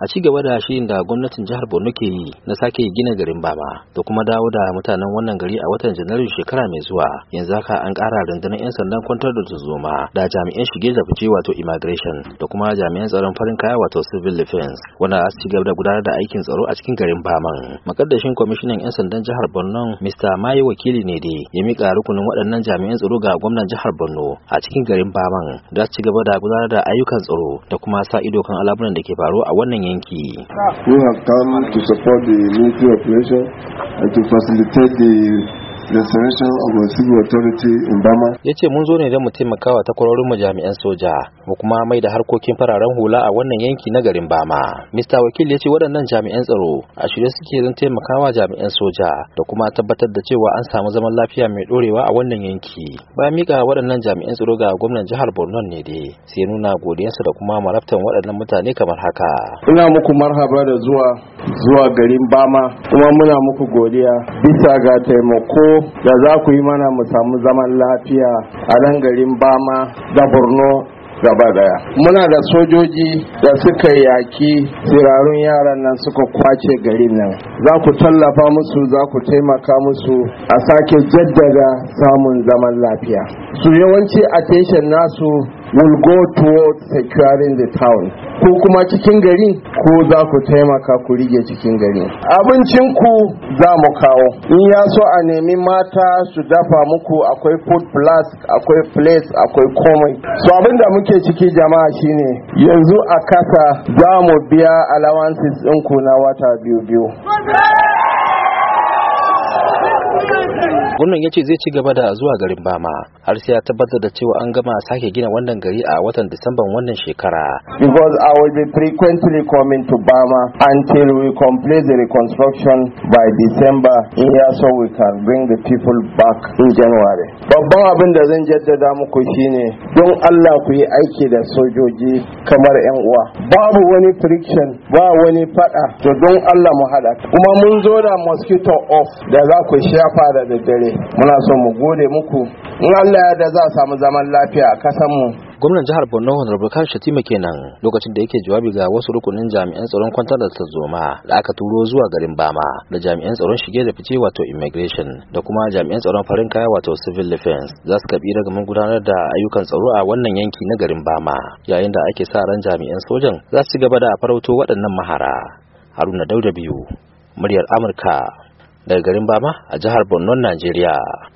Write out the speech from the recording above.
a ci gaba da shirin da gwamnatin jihar Borno ke yi na sake gina garin Bama da kuma dawo da mutanen wannan gari a watan Janairu shekara mai zuwa yanzu haka an kara rundunar 'yan sandan kwantar da tuzuma da jami'an shige da fice wato immigration da kuma jami'an tsaron farin kaya wato civil defense wanda a ci gaba da gudanar da aikin tsaro a cikin garin Baman. Makaddashin kwamishinan 'yan sandan jihar Borno Mr. Maye wakili ne dai ya miƙa rukunin waɗannan jami'an tsaro ga gwamnan jihar Borno a cikin garin Baman da ci gaba da gudanar da ayyukan tsaro da kuma sa ido kan al'amuran da ke faruwa a wannan We have come to support the military operation and to facilitate the restoration of the civil authority in Bama. Ya ce mun zo ne don mu taimaka wa takwarorin mu jami'an soja mu kuma mai da harkokin fararen hula a wannan yanki na garin Bama. Mr. Wakil ya ce waɗannan jami'an tsaro a shirye suke don taimakawa jami'an soja da kuma tabbatar da cewa an samu zaman lafiya mai ɗorewa a wannan yanki. Bayan mika waɗannan jami'an tsaro ga gwamnan jihar Borno ne dai sai nuna godiyarsa da kuma marabtan waɗannan mutane kamar haka. Ina muku marhaba da zuwa zuwa garin Bama kuma muna muku godiya bisa ga taimako da za ku yi mana mu samu zaman lafiya a nan garin bama da borno gaba daya muna da sojoji da suka yaki tsirarun yaran nan suka kwace garin nan za ku tallafa musu za ku taimaka musu a sake jaddada samun zaman lafiya su yawanci a attention nasu will go towards securing the town ko kuma cikin gari ko za ku taimaka ku rige cikin gari abincinku za mu kawo in ya so a nemi mata su dafa muku akwai food plus akwai place akwai komai so da muke ciki jama'a shine yanzu a kasa za mu biya allowances ɗinku na wata biyu biyu gwamnan ya ce zai ci gaba da zuwa garin bama har sai ya tabbatar da cewa an gama sake gina wannan gari a watan disamban wannan shekara because i will be frequently coming to bama until we complete the reconstruction by december here so we can bring the people back in january babban abin da zan jaddada muku shine don Allah ku yi aiki da sojoji kamar 'yan uwa babu wani friction ba wani fada to don Allah mu hada kuma mun zo da mosquito off da za ku shafa da daddare muna so mu gode muku in Allah ya da za samu zaman lafiya a kasar mu gwamnan jihar borno honorable kan shatima kenan lokacin da yake jawabi ga wasu rukunin jami'an tsaron kwantar da tarzoma da aka turo zuwa garin bama da jami'an tsaron shige da fice wato immigration da kuma jami'an tsaron farin kaya wato civil defense za su kabi ragamin gudanar da ayyukan tsaro a wannan yanki na garin bama yayin da ake sa ran jami'an sojan za su gaba da farauto waɗannan mahara haruna dauda biyu muryar amurka daga garin bama a jihar borno najeriya